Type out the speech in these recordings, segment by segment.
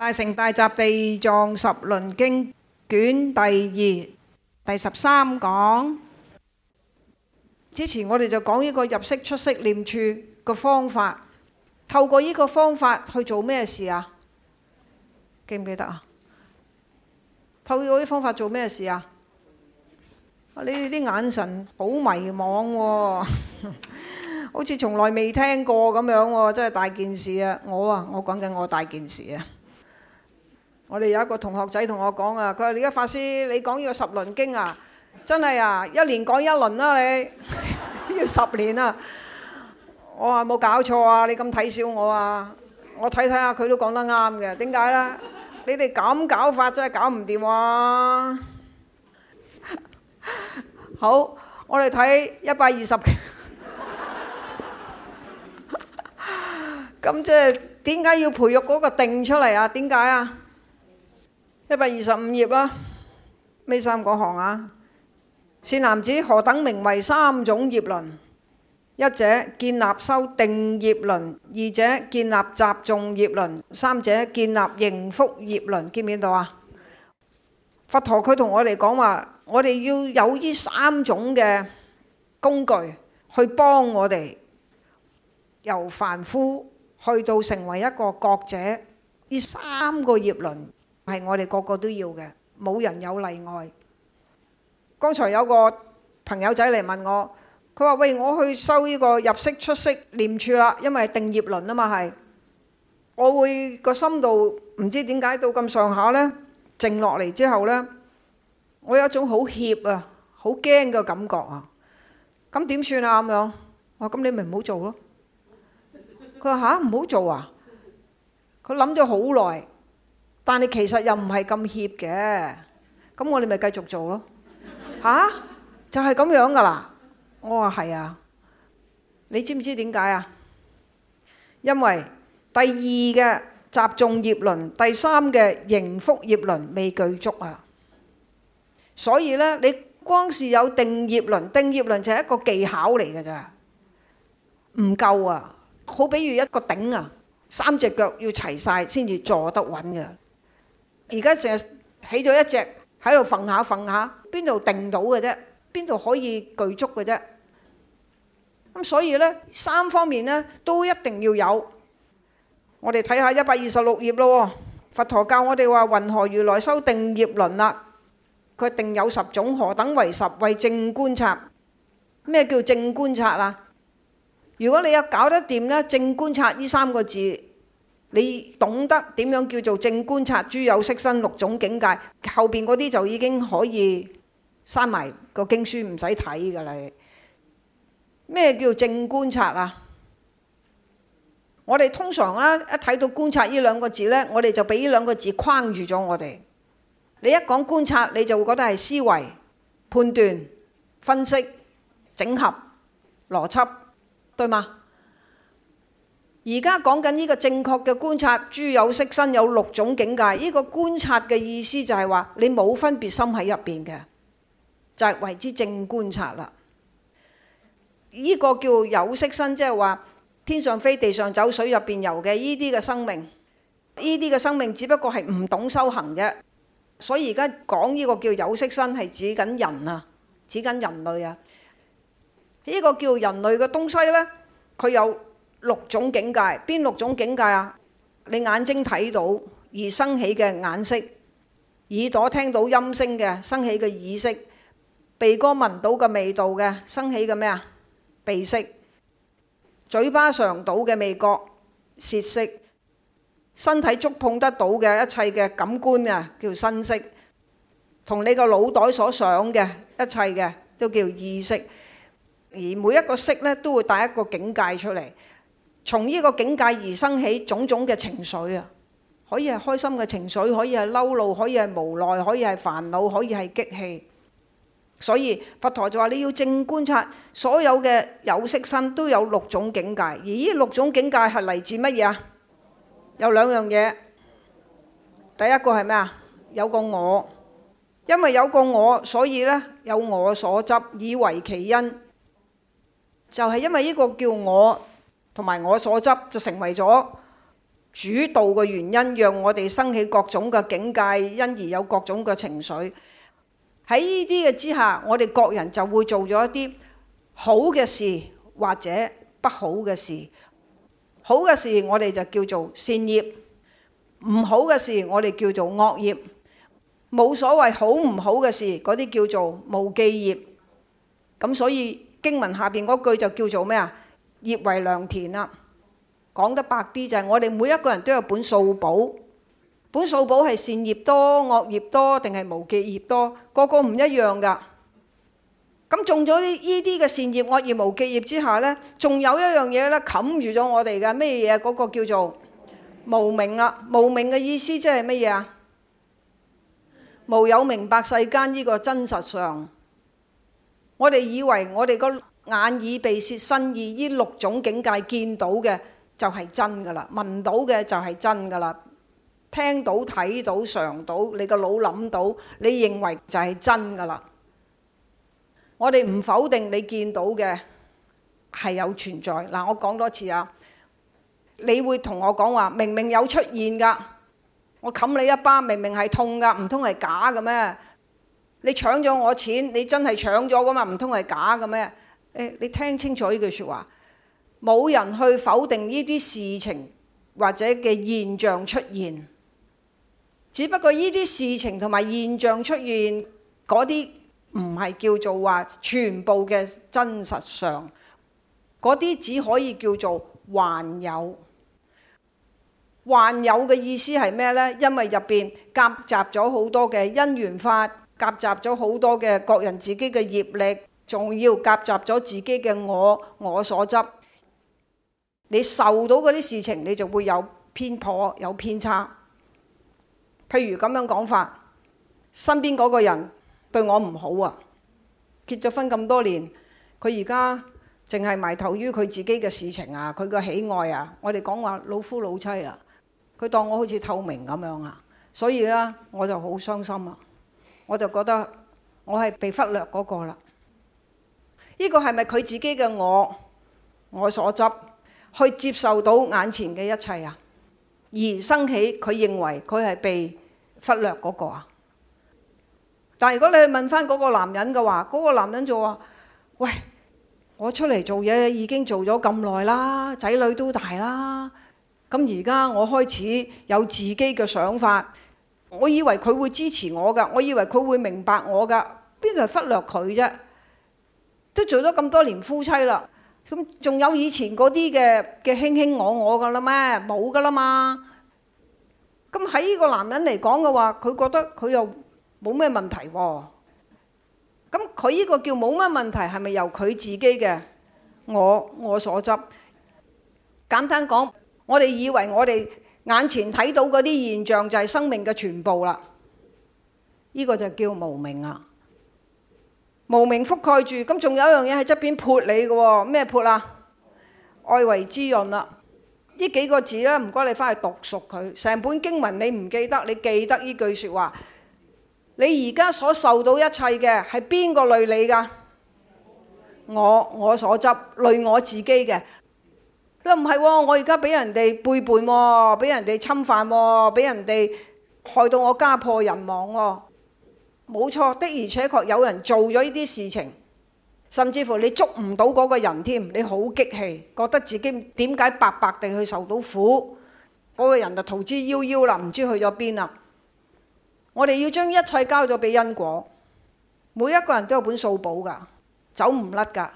大乘大集地藏十輪經卷第二第十三講，之前我哋就講呢個入息出息念處嘅方法，透過呢個方法去做咩事啊？記唔記得啊？透過呢個方法做咩事啊？啊！你哋啲眼神好迷茫喎，好似從來未聽過咁樣，真係大件事啊！我啊，我講緊我大件事啊！我哋有一個同學仔同我講啊，佢話：你家法師，你講要十輪經啊，真係啊，一年講一輪啦，你要十年啊！我話冇搞錯啊，你咁睇小我啊！我睇睇下佢都講得啱嘅，點解呢？你哋咁搞法真係搞唔掂啊！好，我哋睇一百二十，咁即係點解要培育嗰個定出嚟啊？點解啊？一百二十五頁啊，尾三個行啊，善男子，何等名為三種業輪？一者建立修定業輪，二者建立習誦業輪，三者建立營福業輪。見唔見到啊？佛陀佢同我哋講話，我哋要有呢三種嘅工具去幫我哋由凡夫去到成為一個覺者。呢三個業輪。係我哋個個都要嘅，冇人有例外。剛才有個朋友仔嚟問我，佢話：喂，我去修呢個入息出息念處啦，因為定業輪啊嘛。係，我會個心度唔知點解到咁上下咧，靜落嚟之後咧，我有一種好怯啊、好驚嘅感覺啊。咁點算啊？咁樣，我咁你咪唔好做咯。佢話：吓，唔好做啊！佢諗咗好耐。但你其實又唔係咁怯嘅，咁我哋咪繼續做咯嚇，就係咁樣噶啦。我話係啊，你知唔知點解啊？因為第二嘅習誦業輪，第三嘅營福業輪未具足啊。所以呢，你光是有定業輪，定業輪就係一個技巧嚟嘅咋，唔夠啊。好比如一個頂啊，三隻腳要齊晒先至坐得穩嘅。而家淨係起咗一隻喺度瞓下瞓下，邊度定到嘅啫？邊度可以具足嘅啫？咁所以呢，三方面呢，都一定要有。我哋睇下一百二十六頁咯。佛陀教我哋話云何如來修定業輪啦。佢定有十種，何等為十？謂正觀察。咩叫正觀察啊？如果你有搞得掂呢，正觀察呢三個字。你懂得點樣叫做正觀察？諸有識身六種境界，後邊嗰啲就已經可以刪埋個經書，唔使睇噶啦。咩叫正觀察啊？我哋通常咧一睇到觀察呢兩個字呢，我哋就俾呢兩個字框住咗我哋。你一講觀察，你就會覺得係思維、判斷、分析、整合、邏輯，對嗎？而家講緊呢個正確嘅觀察，諸有識身有六種境界。呢個觀察嘅意思就係話，你冇分別心喺入邊嘅，就係為之正觀察啦。呢個叫有識身，即係話天上飛、地上走、水入邊遊嘅呢啲嘅生命，呢啲嘅生命只不過係唔懂修行啫。所以而家講呢個叫有識身係指緊人啊，指緊人類啊。呢個叫人類嘅東西呢，佢有。六種境界，邊六種境界啊？你眼睛睇到而生起嘅眼識，耳朵聽到音聲嘅生起嘅耳識，鼻哥聞到嘅味道嘅生起嘅咩啊？鼻識，嘴巴嘗到嘅味覺舌識，身體觸碰得到嘅一切嘅感官啊，叫身識。同你個腦袋所想嘅一切嘅都叫意識。而每一個識咧都會帶一個境界出嚟。從呢個境界而生起種種嘅情緒啊，可以係開心嘅情緒，可以係嬲怒，可以係無奈，可以係煩惱，可以係激氣。所以佛陀就話你要正觀察所有嘅有識身都有六種境界，而呢六種境界係嚟自乜嘢啊？有兩樣嘢，第一個係咩啊？有個我，因為有個我，所以呢，有我所執以為其因，就係、是、因為呢個叫我。同埋我所執就成為咗主導嘅原因，讓我哋生起各種嘅境界，因而有各種嘅情緒。喺呢啲嘅之下，我哋各人就會做咗一啲好嘅事或者不好嘅事。好嘅事我哋就叫做善業，唔好嘅事我哋叫做惡業，冇所謂好唔好嘅事，嗰啲叫做無記業。咁所以經文下邊嗰句就叫做咩啊？業為良田啦，講得白啲就係、是、我哋每一個人都有本數簿，本數簿係善業多、惡業多定係無記業多，個個唔一樣㗎。咁種咗呢依啲嘅善業、惡業、無記業之下呢，仲有一樣嘢呢，冚住咗我哋嘅咩嘢？嗰、那個叫做無明啦。無明嘅意思即係乜嘢啊？無有明白世間呢個真實上，我哋以為我哋、那個。眼耳鼻舌身意呢六種境界見到嘅就係真噶啦，聞到嘅就係真噶啦，聽到睇到嘗到，你個腦諗到，你認為就係真噶啦。我哋唔否定你見到嘅係有存在。嗱，我講多次啊，你會同我講話明明有出現噶，我冚你一巴，明明係痛噶，唔通係假嘅咩？你搶咗我錢，你真係搶咗噶嘛？唔通係假嘅咩？誒、哎，你聽清楚呢句説話，冇人去否定呢啲事情或者嘅現象出現。只不過呢啲事情同埋現象出現嗰啲，唔係叫做話全部嘅真實上，嗰啲只可以叫做還有。還有嘅意思係咩呢？因為入邊夾雜咗好多嘅因緣法，夾雜咗好多嘅各人自己嘅業力。仲要夾雜咗自己嘅我，我所執，你受到嗰啲事情，你就會有偏頗、有偏差。譬如咁樣講法，身邊嗰個人對我唔好啊！結咗婚咁多年，佢而家淨係埋頭於佢自己嘅事情啊，佢嘅喜愛啊，我哋講話老夫老妻啊，佢當我好似透明咁樣啊，所以呢，我就好傷心啊，我就覺得我係被忽略嗰個啦。呢個係咪佢自己嘅我？我所執去接受到眼前嘅一切啊，而生起佢認為佢係被忽略嗰個啊？但係如果你去問返嗰個男人嘅話，嗰個男人就話，喂，我出嚟做嘢已經做咗咁耐啦，仔女都大啦，咁而家我開始有自己嘅想法，我以為佢會支持我㗎，我以為佢會明白我㗎，邊度忽略佢啫？都做咗咁多年夫妻啦，咁仲有以前嗰啲嘅嘅卿卿我我噶啦咩？冇噶啦嘛。咁喺呢個男人嚟講嘅話，佢覺得佢又冇咩問題喎。咁佢呢個叫冇乜問題係咪由佢自己嘅？我我所執。簡單講，我哋以為我哋眼前睇到嗰啲現象就係生命嘅全部啦。呢、這個就叫無明啊。無明覆蓋住，咁仲有一樣嘢喺側邊潑你嘅喎，咩潑啊？愛為滋潤啊！呢幾個字咧，唔該你翻去讀熟佢。成本經文你唔記得，你記得呢句説話。你而家所受到一切嘅係邊個累你㗎？我我所執累我自己嘅。佢話唔係喎，我而家俾人哋背叛喎、哦，俾人哋侵犯喎、哦，俾人哋害到我家破人亡喎、哦。冇錯，的而且確有人做咗呢啲事情，甚至乎你捉唔到嗰個人添，你好激氣，覺得自己點解白白地去受到苦，嗰、那個人就逃之夭夭啦，唔知去咗邊啦。我哋要將一切交咗畀因果，每一個人都有本數簿㗎，走唔甩㗎，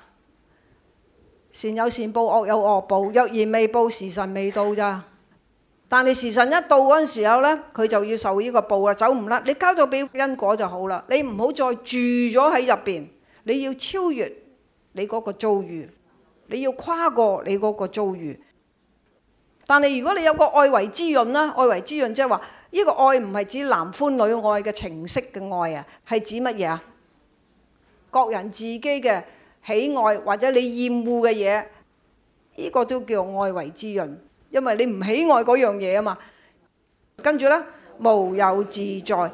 善有善報，惡有惡報，若然未報，時辰未到咋。但係時辰一到嗰陣時候咧，佢就要受依個報啦，走唔甩。你交咗俾因果就好啦，你唔好再住咗喺入邊。你要超越你嗰個遭遇，你要跨過你嗰個遭遇。但係如果你有個愛為滋潤啦，愛為滋潤即係話，依個愛唔係指男歡女愛嘅情色嘅愛啊，係指乜嘢啊？各人自己嘅喜愛或者你厭惡嘅嘢，依個都叫愛為滋潤。因為你唔喜愛嗰樣嘢啊嘛，跟住咧，無有自在，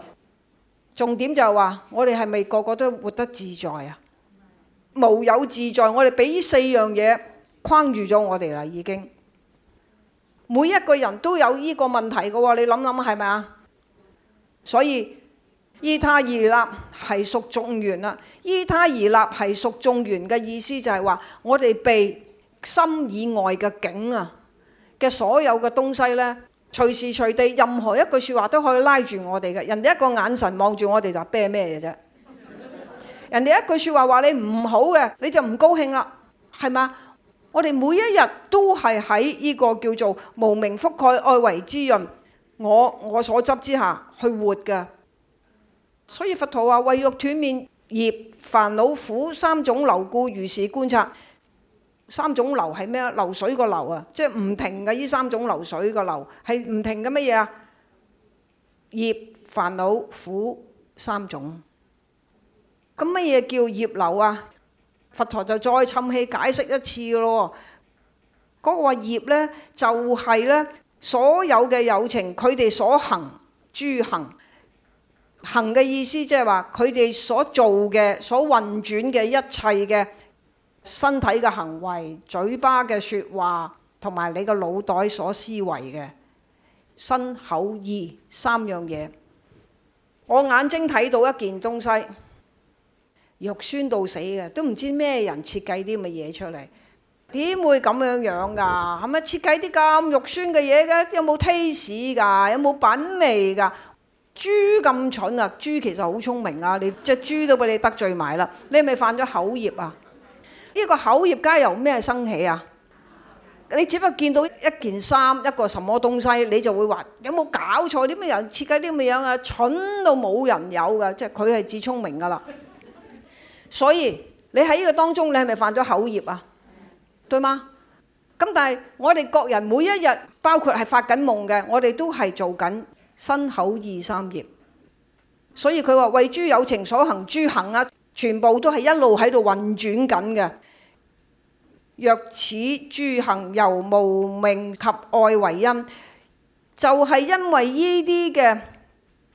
重點就係話我哋係咪個個都活得自在啊？無有自在，我哋俾呢四樣嘢框住咗我哋啦，已經。每一個人都有呢個問題嘅喎，你諗諗係咪啊？所以依他而立，繫屬眾緣啦，依他而立，繫屬眾緣嘅意思就係話我哋被心以外嘅境啊嘅所有嘅東西咧，隨時隨地任何一句説話都可以拉住我哋嘅，人哋一個眼神望住我哋就啤咩嘅啫， 人哋一句説話話你唔好嘅，你就唔高興啦，係嘛？我哋每一日都係喺呢個叫做無明覆蓋、愛為滋潤，我我所執之下去活嘅，所以佛陀話：為欲斷滅業、煩惱苦三種流故，如是觀察。三種流係咩啊？流水個流啊，即係唔停嘅。呢三種流水個流係唔停嘅乜嘢啊？業、煩惱、苦三種。咁乜嘢叫業流啊？佛陀就再氹氣解釋一次咯。嗰、那個業呢就係、是、呢所有嘅有情，佢哋所行諸行。行嘅意思即係話佢哋所做嘅、所運轉嘅一切嘅。身體嘅行為、嘴巴嘅説話同埋你個腦袋所思維嘅身口意三樣嘢，我眼睛睇到一件東西，肉酸到死嘅，都唔知咩人設計啲咁嘅嘢出嚟，點會咁樣樣㗎？係咪設計啲咁肉酸嘅嘢嘅？有冇 taste 㗎？有冇品味㗎？豬咁蠢啊！豬其實好聰明啊！你隻豬都俾你得罪埋啦！你係咪犯咗口業啊？呢個口業家由咩生起啊？你只不過見到一件衫一個什麼東西，你就會話有冇搞錯？啲咩人設計啲咁嘅樣啊？蠢到冇人有噶，即係佢係至聰明噶啦。所以你喺呢個當中，你係咪犯咗口業啊？對嗎？咁但係我哋各人每一日，包括係發緊夢嘅，我哋都係做緊身口二三業。所以佢話為諸有情所行諸行啊。全部都係一路喺度運轉緊嘅，若此諸行由無明及愛為因，就係因為呢啲嘅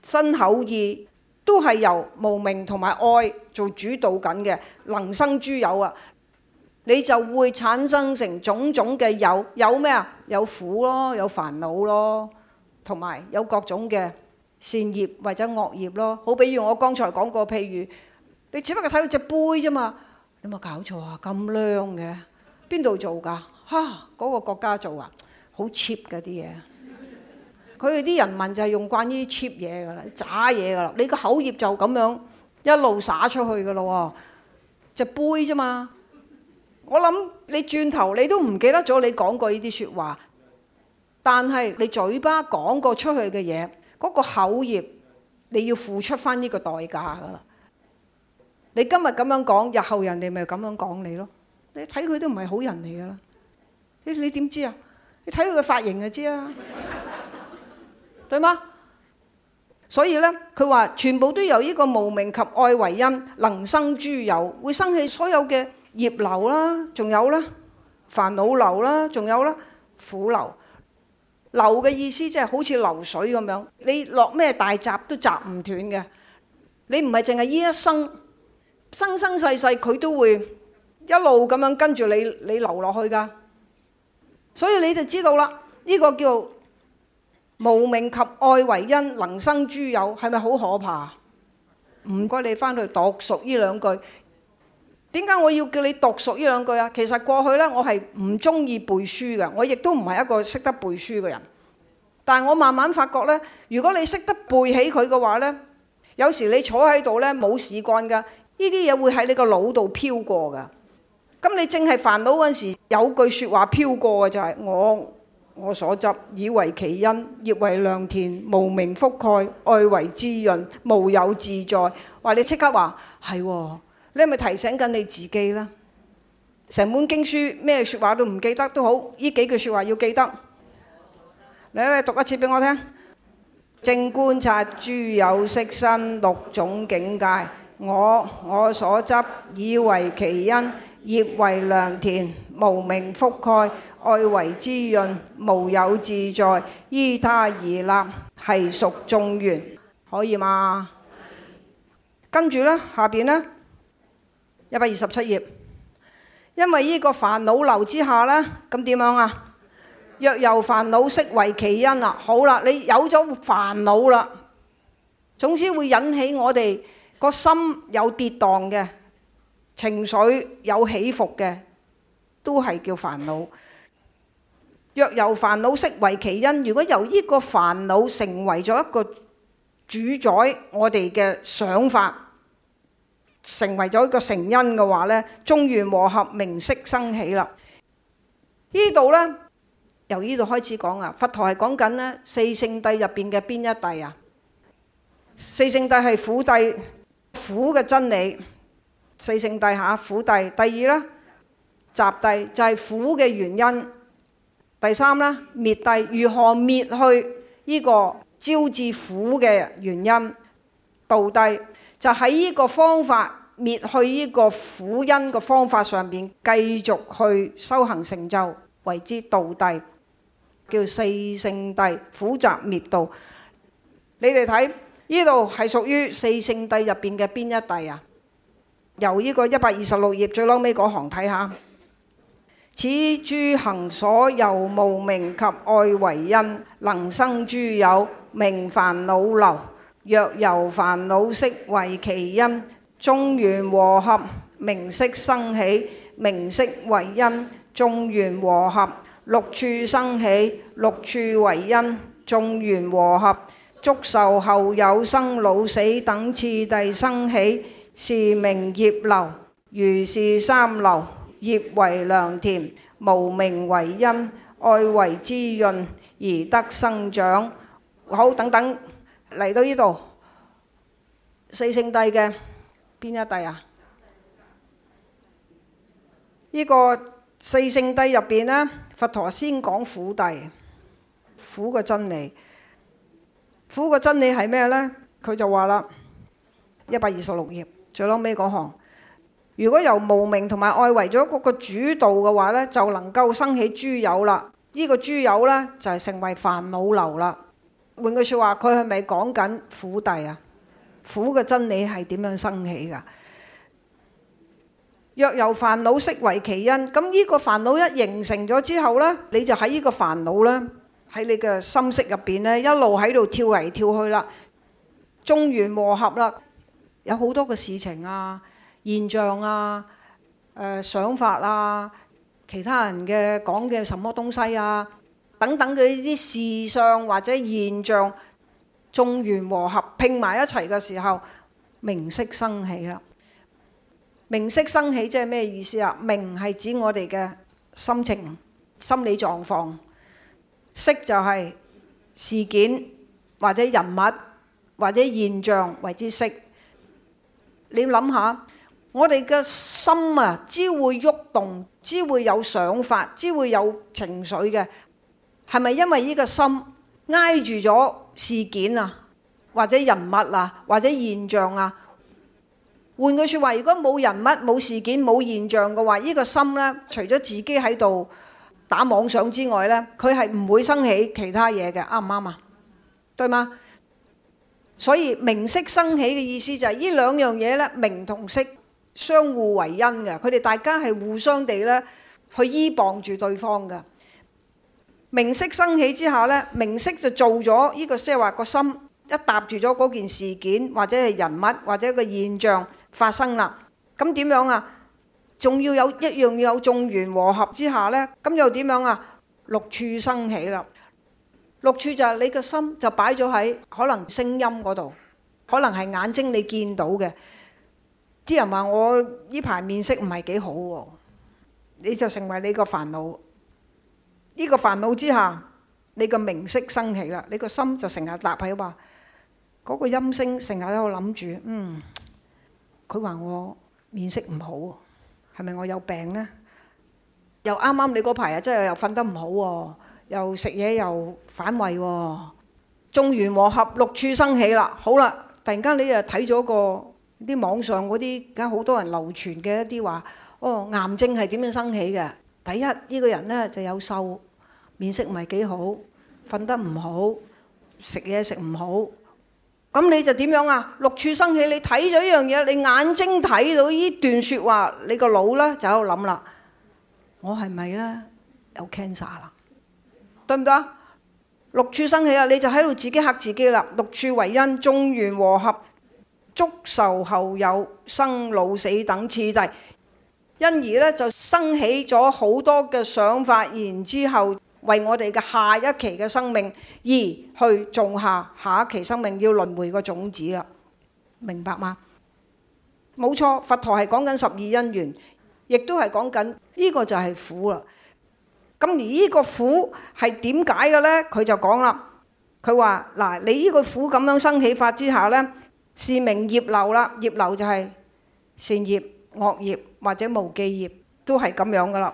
身口意都係由無明同埋愛做主導緊嘅，能生諸有啊，你就會產生成種種嘅有，有咩啊？有苦咯，有煩惱咯，同埋有各種嘅善業或者惡業咯。好比如我剛才講過，譬如。你只不過睇到隻杯啫嘛，你有冇搞錯啊！咁靚嘅，邊度做噶？嚇，嗰個國家做啊，好 cheap 嘅啲嘢。佢哋啲人民就係用慣呢 cheap 嘢噶啦，渣嘢噶啦。你個口業就咁樣一路灑出去噶咯喎，隻杯啫嘛。我諗你轉頭你都唔記得咗你講過呢啲説話，但係你嘴巴講過出去嘅嘢，嗰個口業你要付出返呢個代價噶啦。你今日咁樣講，日後人哋咪咁樣講你咯。你睇佢都唔係好人嚟噶啦。你你點知啊？你睇佢嘅髮型就知啦，對嗎？所以咧，佢話全部都由呢個無明及愛為因，能生諸有，會生起所有嘅業流啦，仲有咧煩惱流啦，仲有咧苦流。流嘅意思即係好似流水咁樣，你落咩大閘都閘唔斷嘅。你唔係淨係呢一生。生生世世佢都會一路咁樣跟住你，你流落去㗎，所以你就知道啦。呢個叫無明及愛為因，能生諸有，係咪好可怕？唔該，你翻去讀熟呢兩句。點解我要叫你讀熟呢兩句啊？其實過去咧，我係唔中意背書㗎，我亦都唔係一個識得背書嘅人。但係我慢慢發覺咧，如果你識得背起佢嘅話咧，有時你坐喺度咧冇事幹㗎。呢啲嘢會喺你個腦度飄過噶，咁你正係煩惱嗰陣時，有句説話飄過嘅就係、是、我我所執，以為其因，業為良田，無明覆蓋，愛為滋潤，無有自在。話你即刻話係、哦，你係咪提醒緊你自己呢？成本經書咩説話都唔記得都好，呢幾句説話要記得。嚟，你讀一次俾我聽。正觀察諸有識身六種境界。我我所執以為其因，業為良田，無明覆蓋，愛為滋潤，無有自在，依他而立，繫屬眾緣，可以嗎？跟住咧，下邊咧，一百二十七頁，因為呢個煩惱流之下呢，咁點樣啊？若由煩惱識為其因啊，好啦，你有咗煩惱啦，總之會引起我哋。個心有跌宕嘅，情緒有起伏嘅，都係叫煩惱。若由煩惱識為其因，如果由呢個煩惱成為咗一個主宰我哋嘅想法，成為咗一個成因嘅話呢，眾緣和合，名色生起啦。呢度呢，由呢度開始講啊，佛陀係講緊呢四聖諦入邊嘅邊一諦啊？四聖諦係苦諦。苦嘅真理，四聖諦下苦諦，第二啦，集諦就係苦嘅原因；第三啦，滅諦如何滅去呢個招致苦嘅原因？道諦就喺呢個方法滅去呢個苦因嘅方法上邊，繼續去修行成就，為之道諦，叫四聖諦，苦集滅道。你哋睇。呢度係屬於四聖諦入邊嘅邊一諦啊？由呢個一百二十六頁最撈尾嗰行睇下，看看此諸行所由無明及愛為因，能生諸有，名煩惱流。若由煩惱識為其因，眾緣和合，名色生起，名色為因；眾緣和合，六處生起，六處為因；眾緣和合。觸受後有生老死等次第生起，是名業流。如是三流，業為良田，無明為因，愛為滋潤而得生長。好，等等嚟到呢度，四聖諦嘅邊一諦啊？呢個四聖諦入邊呢，佛陀先講苦諦，苦嘅真理。苦嘅真理係咩呢？佢就話啦，一百二十六頁最屘嗰行，如果由無明同埋愛為咗個個主導嘅話、這個、呢，就能夠生起諸有啦。呢個諸有呢，就係成為煩惱流啦。換句説話，佢係咪講緊苦諦啊？苦嘅真理係點樣生起㗎？若由煩惱識為其因，咁呢個煩惱一形成咗之後呢，你就喺呢個煩惱啦。喺你嘅心識入邊咧，一路喺度跳嚟跳去啦，眾緣和合啦，有好多嘅事情啊、現象啊、誒想法啊、其他人嘅講嘅什麼東西啊，等等嘅呢啲事相或者現象，眾緣和合拼埋一齊嘅時候，名色生起啦。名色生起即係咩意思啊？名係指我哋嘅心情、心理狀況。識就係事件或者人物或者現象為之識。你諗下，我哋嘅心啊，只會喐動，只會有想法，只會有情緒嘅。係咪因為呢個心挨住咗事件啊，或者人物啊，或者現象啊？換句説話，如果冇人物、冇事件、冇現象嘅話，呢個心咧，除咗自己喺度，打妄想之外咧，佢係唔會生起其他嘢嘅，啱唔啱啊？對嗎？所以名色生起嘅意思就係呢兩樣嘢咧，名同色相互為因嘅，佢哋大家係互相地咧去依傍住對方嘅。名色生起之下咧，名色就做咗呢、這個，即係話個心一搭住咗嗰件事件或者係人物或者個現象發生啦。咁點樣啊？仲要有一樣要有眾緣和合之下呢，咁又點樣啊？六處生起啦。六處就係你個心就擺咗喺可能聲音嗰度，可能係眼睛你見到嘅。啲人話我呢排面色唔係幾好喎，你就成為你個煩惱。呢個煩惱之下，你個名色生起啦。你個心就成日立喺話，嗰個音聲成日喺度諗住，嗯，佢話我面色唔好。係咪我有病呢？又啱啱你嗰排啊，真係又瞓得唔好喎，又食嘢又，又反胃喎，眾緣和合六處生起啦。好啦，突然間你啊睇咗個啲網上嗰啲，而家好多人流傳嘅一啲話，哦，癌症係點樣生起嘅？第一，呢、這個人呢就有瘦，面色唔係幾好，瞓得唔好，食嘢食唔好。咁你就點樣啊？六處生起，你睇咗呢樣嘢，你眼睛睇到呢段説話，你個腦咧就喺度諗啦。我係咪咧有 cancer 啦？對唔對啊？六處生起啊，你就喺度自己嚇自己啦。六處為因，眾緣和合，觸受後有生老死等次第，因而咧就生起咗好多嘅想法，然之後。為我哋嘅下一期嘅生命而去種下下一期生命要輪迴嘅種子啦，明白嗎？冇錯，佛陀係講緊十二因緣，亦都係講緊呢個就係苦啦。咁而呢個苦係點解嘅咧？佢就講啦，佢話嗱，你呢個苦咁樣生起法之下咧，是名業流啦，業流就係善業、惡業或者無記業，都係咁樣噶啦。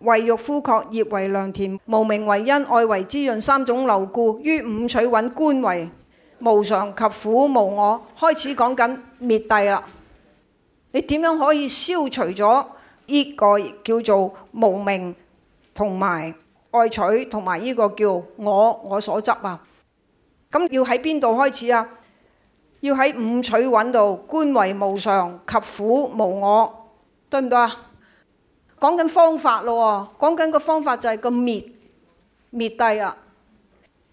為欲枯涸，業為良田；無明為因，愛為滋潤。三種流故於五取蘊，觀為無常及苦無我。開始講緊滅諦啦，你點樣可以消除咗呢個叫做無明同埋愛取同埋呢個叫我我所執啊？咁要喺邊度開始啊？要喺五取蘊度觀為無常及苦無我，對唔對啊？講緊方法咯喎，講緊個方法就係個滅滅諦啊。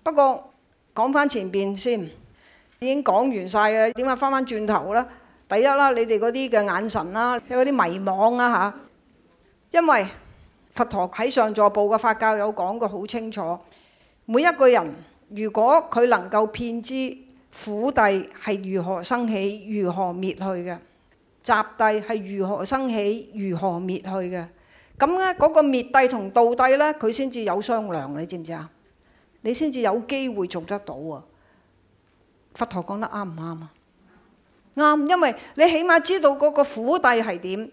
不過講翻前邊先，已經講完晒嘅，點解翻翻轉頭咧？第一啦，你哋嗰啲嘅眼神啦、啊，有啲迷惘啊嚇。因為佛陀喺上座部嘅法教有講過好清楚，每一個人如果佢能夠遍知苦諦係如何生起、如何滅去嘅，集諦係如何生起、如何滅去嘅。咁咧，嗰個滅帝同道帝咧，佢先至有商量，你知唔知啊？你先至有機會做得到啊！佛陀講得啱唔啱啊？啱、嗯，因為你起碼知道嗰個苦帝係點，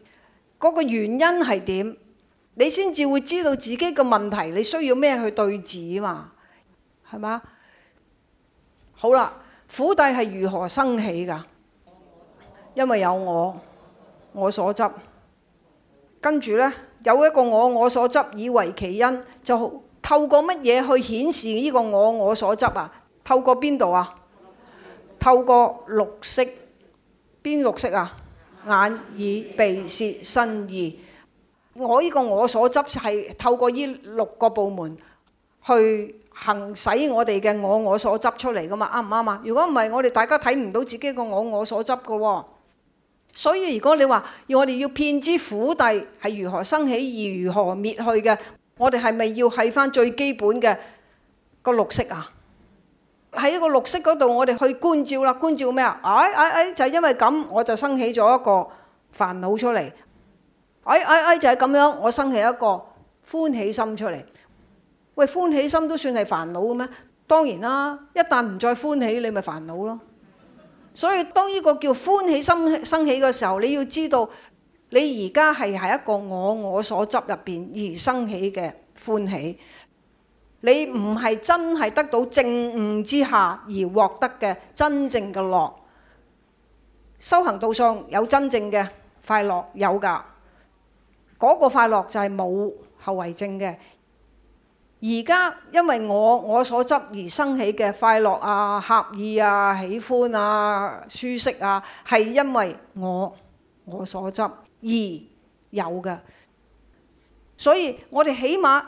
嗰個原因係點，你先至會知道自己嘅問題，你需要咩去對治啊？嘛，係嘛？好啦，苦帝係如何生起噶？因為有我，我所執，跟住咧。有一個我我所執以為其因，就透過乜嘢去顯示呢個我我所執啊？透過邊度啊？透過六識，邊六識啊？眼、耳、鼻、舌、身、意。我呢個我所執係透過呢六個部門去行使我哋嘅我我所執出嚟㗎嘛？啱唔啱啊？如果唔係，我哋大家睇唔到自己個我我所執㗎喎。所以如果你話要我哋要遍知苦諦係如何生起而如何滅去嘅，我哋係咪要係翻最基本嘅個六識啊？喺一個六識嗰度，我哋去觀照啦，觀照咩啊？哎哎哎，就係、是、因為咁，我就生起咗一個煩惱出嚟。唉，哎哎，哎，就係、是、咁樣，我生起一個歡喜心出嚟。喂，歡喜心都算係煩惱咩？當然啦，一旦唔再歡喜，你咪煩惱咯。所以當呢個叫歡喜心生起嘅時候，你要知道，你而家係喺一個我我所執入邊而生起嘅歡喜，你唔係真係得到正悟之下而獲得嘅真正嘅樂。修行道上有真正嘅快樂？有㗎，嗰、那個快樂就係冇後遺症嘅。而家因為我我所執而生起嘅快樂啊、合意啊、喜歡啊、舒適啊，係因為我我所執而有嘅。所以我哋起碼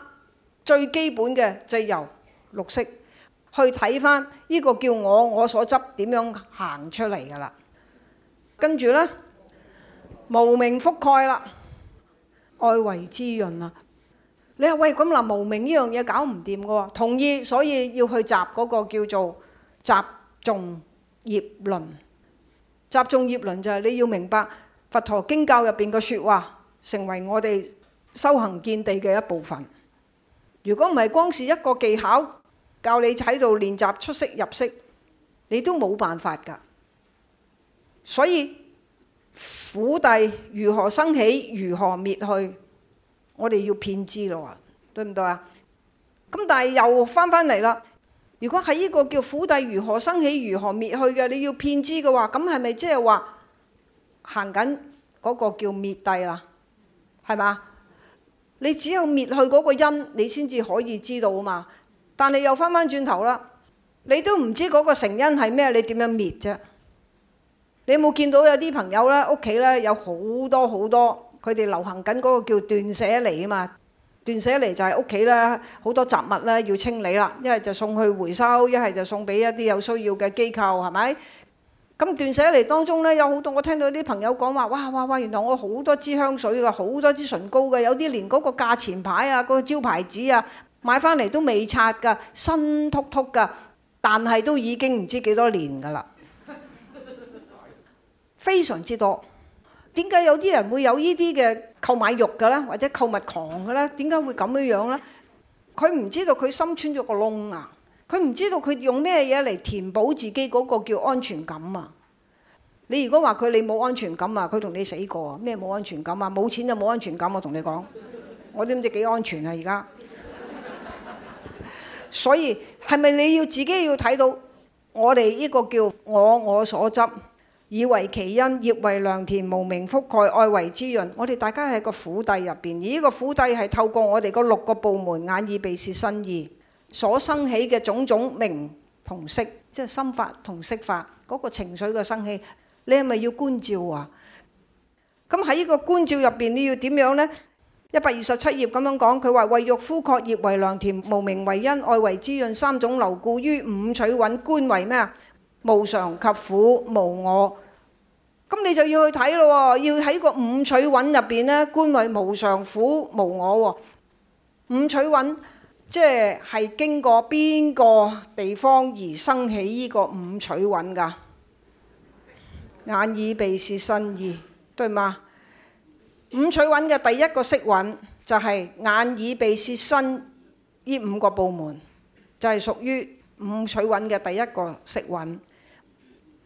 最基本嘅就由綠色去睇翻呢個叫我我所執點樣行出嚟嘅啦。跟住呢，無明覆蓋啦，愛為滋潤啦。你話喂咁嗱，無明呢樣嘢搞唔掂嘅喎，同意，所以要去集嗰個叫做習誦業輪。習誦業輪就係你要明白佛陀經教入邊嘅説話，成為我哋修行見地嘅一部分。如果唔係光是一個技巧，教你喺度練習出息入息，你都冇辦法㗎。所以苦諦如何生起，如何滅去？我哋要辨知咯，話，對唔對啊？咁但係又翻返嚟啦。如果喺呢個叫苦諦如何生起、如何滅去嘅，你要辨知嘅話，咁係咪即係話行緊嗰個叫滅諦啦？係嘛？你只有滅去嗰個因，你先至可以知道啊嘛。但係又翻翻轉頭啦，你都唔知嗰個成因係咩，你點樣滅啫？你有冇見到有啲朋友咧屋企咧有好多好多？佢哋流行緊嗰個叫斷捨離啊嘛，斷捨離就係屋企咧好多雜物咧要清理啦，一係就送去回收，一係就送俾一啲有需要嘅機構，係咪？咁斷捨離當中咧有好多，我聽到啲朋友講話，哇哇哇，原來我好多支香水嘅，好多支唇膏嘅，有啲連嗰個價錢牌啊，嗰個招牌紙啊，買翻嚟都未拆噶，新突突噶，但係都已經唔知幾多年噶啦，非常之多。點解有啲人會有呢啲嘅購買慾嘅咧，或者購物狂嘅咧？點解會咁樣樣咧？佢唔知道佢心穿咗個窿啊！佢唔知道佢用咩嘢嚟填補自己嗰個叫安全感啊！你如果話佢你冇安全感啊，佢同你死過啊！咩冇安全感啊？冇錢就冇安全感啊，我同你講，我都唔知幾安全啊！而家，所以係咪你要自己要睇到我哋呢個叫我我所執？以為其因，業為良田，無明覆蓋，愛為滋潤。我哋大家喺個苦諦入邊，而呢個苦諦係透過我哋個六個部門眼耳鼻舌身意所生起嘅種種名同色，即係心法同色法嗰、那個情緒嘅生起，你係咪要觀照啊？咁喺呢個觀照入邊，你要點樣呢？一百二十七頁咁樣講，佢話為欲枯涸業為良田，無明為因，愛為滋潤，三種流故於五取蘊觀為咩啊？無常及苦無我，咁你就要去睇咯，哦，要喺個五取蘊入邊呢，觀為無常苦無我，哦。五取蘊即係經過邊個地方而生起呢個五取蘊噶？眼耳鼻舌身意，對嗎？五取蘊嘅第一個色蘊就係、是、眼耳鼻舌身呢五個部門，就係、是、屬於五取蘊嘅第一個色蘊。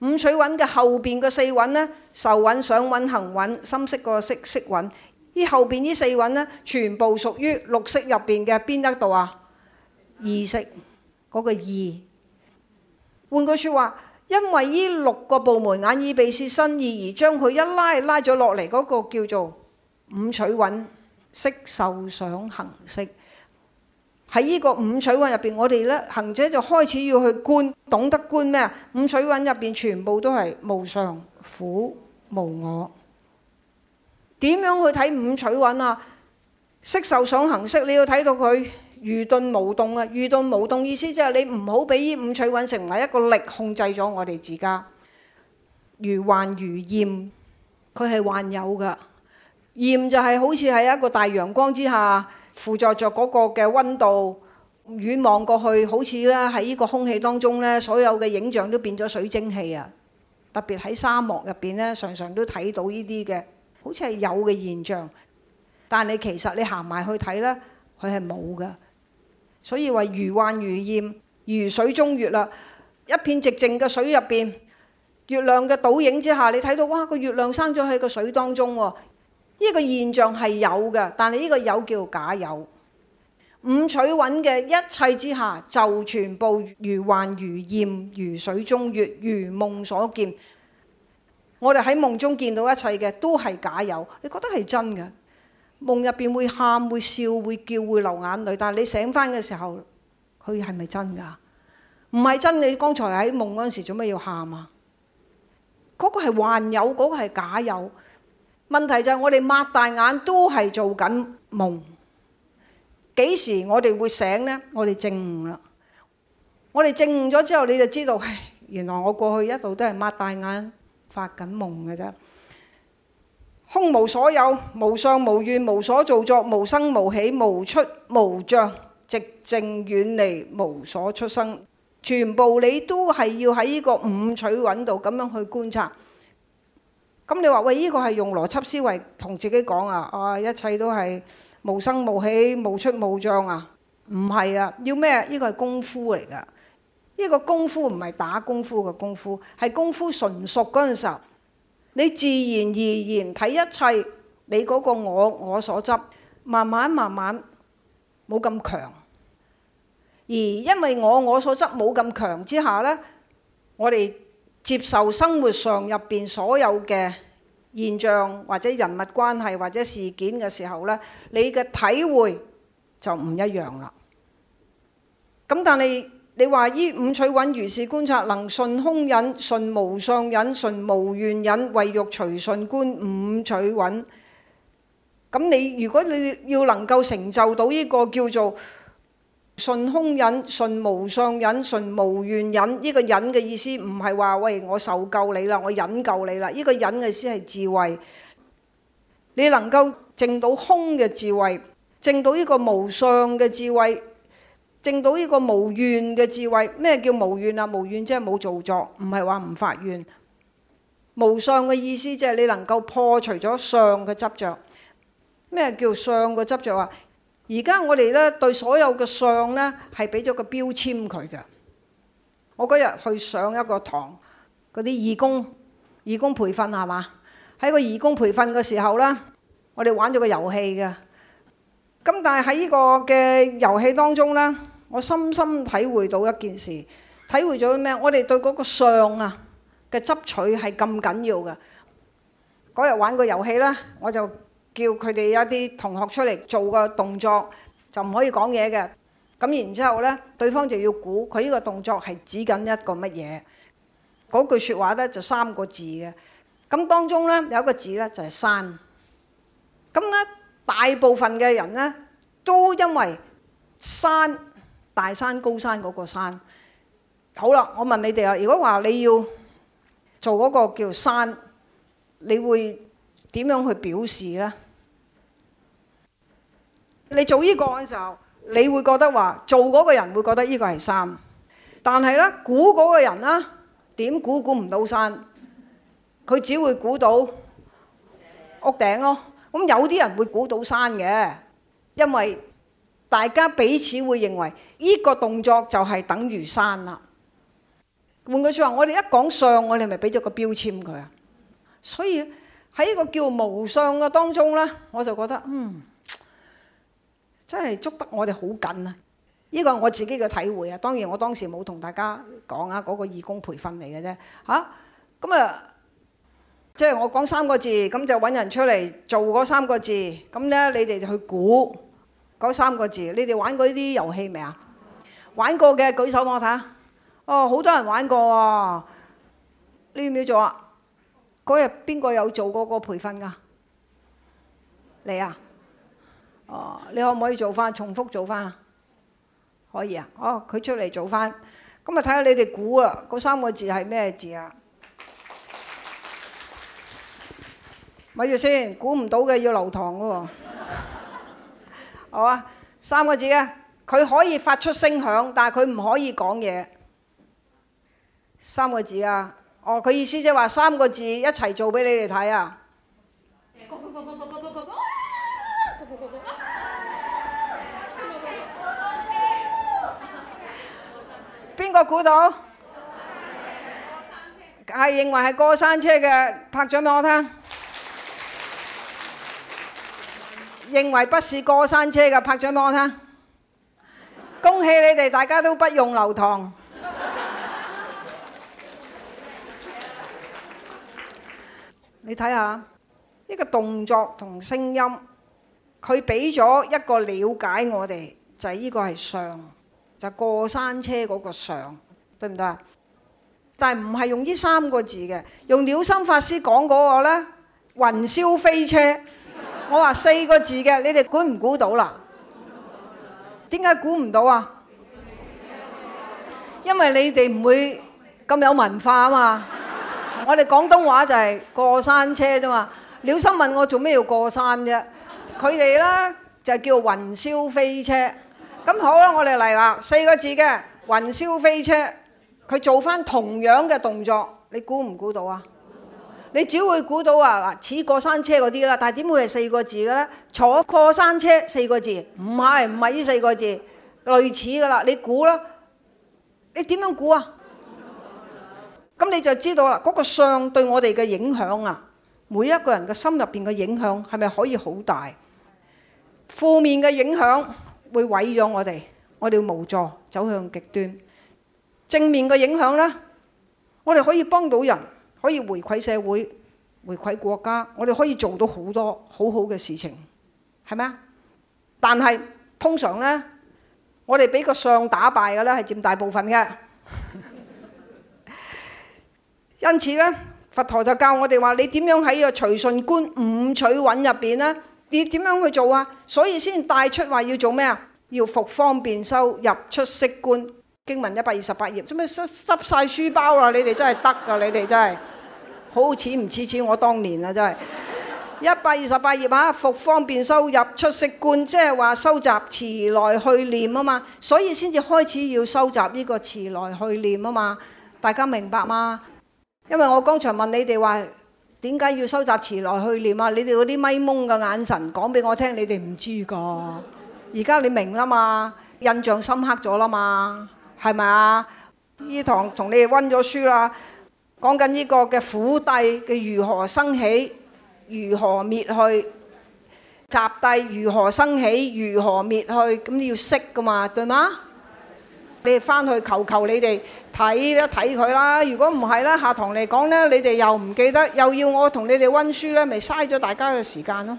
五取蘊嘅後邊嘅四蘊呢，受蘊、想蘊、行蘊、深色個色色蘊。呢後邊呢四蘊呢，全部屬於六識入邊嘅邊一度啊？意識嗰個意。換句説話，因為呢六個部門眼耳鼻舌身意而將佢一拉拉咗落嚟，嗰個叫做五取蘊色受想行識。喺呢個五取蘊入邊，我哋咧行者就開始要去觀，懂得觀咩啊？五取蘊入邊全部都係無常苦無我。點樣去睇五取蘊啊？色受想行識，你要睇到佢愚鈍無動啊！愚鈍無動意思即係你唔好俾呢五取蘊成為一個力控制咗我哋自家。如幻如焰，佢係幻有噶，焰就係好似喺一個大陽光之下。附著着嗰個嘅溫度，遠望過去好似咧喺呢個空氣當中咧，所有嘅影像都變咗水蒸氣啊！特別喺沙漠入邊咧，常常都睇到呢啲嘅，好似係有嘅現象，但係你其實你行埋去睇咧，佢係冇嘅。所以話如幻如燄，如水中月啦，一片寂靜嘅水入邊，月亮嘅倒影之下，你睇到哇個月亮生咗喺個水當中喎。呢個現象係有嘅，但係呢個有叫假有。五取蘊嘅一切之下，就全部如幻如燄、如水中月、如夢所見。我哋喺夢中見到一切嘅都係假有，你覺得係真嘅？夢入邊會喊會笑會叫會流眼淚，但係你醒翻嘅時候，佢係咪真㗎？唔係真，你剛才喺夢嗰時做咩要喊啊？嗰個係幻有，嗰個係假有。問題就係我哋擘大眼都係做緊夢，幾時我哋會醒呢？我哋正悟啦，我哋證悟咗之後，你就知道，唉，原來我過去一路都係擘大眼發緊夢嘅啫，空無所有，無相無願，無所造作，無生無起，無出無像，寂靜遠離，無所出生，全部你都係要喺呢個五取蘊度咁樣去觀察。咁你話喂，呢個係用邏輯思維同自己講啊，啊一切都係無生無起、無出無像啊，唔係啊，要咩？呢個係功夫嚟㗎，呢個功夫唔係打功夫嘅功夫，係功夫純熟嗰陣時候，你自然而然睇一切，你嗰個我我所執，慢慢慢慢冇咁強，而因為我我所執冇咁強之下呢，我哋，接受生活上入邊所有嘅現象，或者人物關係，或者事件嘅時候咧，你嘅體會就唔一樣啦。咁但係你話依五取蘊如是觀察，能順空忍、順無相忍、順無願忍，為欲隨順觀五取蘊。咁你如果你要能夠成就到呢個叫做順空忍、順無相忍、順無願忍，呢、這個忍嘅意思唔係話喂我受夠你啦，我忍夠你啦。呢、這個忍嘅意思係智慧，你能夠證到空嘅智慧，證到呢個無相嘅智慧，證到呢個無願嘅智慧。咩叫無願啊？無願即係冇造作，唔係話唔發願。無相嘅意思即係你能夠破除咗相嘅執着。咩叫相嘅執着啊？而家我哋咧對所有嘅相咧係俾咗個標籤佢嘅。我嗰日去上一個堂，嗰啲義工義工培訓係嘛？喺個義工培訓嘅時候咧，我哋玩咗個遊戲嘅。咁但係喺呢個嘅遊戲當中咧，我深深體會到一件事，體會咗咩？我哋對嗰個相啊嘅執取係咁緊要嘅。嗰日玩個遊戲啦，我就。叫佢哋一啲同學出嚟做個動作，就唔可以講嘢嘅。咁然之後咧，對方就要估佢呢個動作係指緊一個乜嘢。嗰句説話咧就三個字嘅。咁當中咧有一個字咧就係山。咁咧大部分嘅人咧都因為山，大山高山嗰個山。好啦，我問你哋啦，如果話你要做嗰個叫山，你會點樣去表示咧？你做依個嘅時候，你會覺得話做嗰個人會覺得依個係山，但係咧估嗰個人啦，點估估唔到山，佢只會估到屋頂咯。咁有啲人會估到山嘅，因為大家彼此會認為依個動作就係等於山啦。換句説話，我哋一講相，我哋咪俾咗個標籤佢啊。所以喺依個叫無相嘅當中咧，我就覺得嗯。真係捉得我哋好緊啊！呢個我自己嘅體會啊，當然我當時冇同大家講啊，嗰個義工培訓嚟嘅啫嚇。咁啊，即係我講三個字，咁就揾人出嚟做嗰三個字，咁呢，你哋就去估嗰三個字。你哋玩過呢啲遊戲未啊？玩過嘅舉手我睇下。哦，好多人玩過喎。你要唔要做啊？嗰日邊個有做過個培訓㗎？你啊？哦，你可唔可以做翻？重複做翻啊？可以啊。哦，佢出嚟做翻。咁啊，睇下你哋估啊，嗰三個字係咩字啊？咪住先，估唔到嘅要留堂噶喎。好啊，三個字啊，佢可以發出聲響，但係佢唔可以講嘢。三個字啊，哦，佢意思即係話三個字一齊做俾你哋睇啊。邊個估到？係認為係過山車嘅，拍掌俾我聽。認為不是過山車嘅，拍掌俾我聽。恭喜你哋，大家都不用留堂。你睇下呢個動作同聲音，佢俾咗一個了解我哋，就係呢個係相。就過山車嗰個上，對唔對啊？但係唔係用呢三個字嘅，用了心法師講嗰個咧，雲霄飛車。我話四個字嘅，你哋估唔估到啦？點解估唔到啊？因為你哋唔會咁有文化啊嘛。我哋廣東話就係過山車啫嘛。了心問我做咩要過山啫？佢哋咧就叫雲霄飛車。咁好啦，我哋嚟啦，四個字嘅雲霄飛車，佢做翻同樣嘅動作，你估唔估到啊？你只會估到啊，嗱，似過山車嗰啲啦。但係點會係四個字嘅咧？坐過山車四個字，唔係唔係呢四個字，類似噶啦。你估啦，你點樣估啊？咁你就知道啦，嗰個相對我哋嘅影響啊，每一個人嘅心入邊嘅影響係咪可以好大？負面嘅影響。會毀咗我哋，我哋無助，走向極端。正面嘅影響呢，我哋可以幫到人，可以回饋社會、回饋國家，我哋可以做到好多好好嘅事情，係咪啊？但係通常呢，我哋俾個相打敗嘅咧，係佔大部分嘅。 因此呢，佛陀就教我哋話：「你點樣喺個隨順觀五取蘊入邊呢？」你點樣去做啊？所以先帶出話要做咩啊？要復方便修入出息觀，經文一百二十八頁，做咩濕晒曬書包啦、啊？你哋真係得噶，你哋真係好似唔似似我當年啊！真係一百二十八頁嚇，復方便修入出息觀，即係話修習持來去念啊嘛，所以先至開始要收集呢個持來去念啊嘛，大家明白嗎？因為我剛才問你哋話。點解要收集持來去念啊？你哋嗰啲咪懵嘅眼神，講俾我聽，你哋唔知㗎。而家你明啦嘛，印象深刻咗啦嘛，係咪啊？呢堂同你哋温咗書啦，講緊呢個嘅苦諦嘅如何生起，如何滅去，集諦如何生起，如何滅去，咁要識㗎嘛，對嗎？你哋返去求求你哋睇一睇佢啦，如果唔係啦，下堂嚟講咧，你哋又唔記得，又要我同你哋溫書咧，咪嘥咗大家嘅時間咯。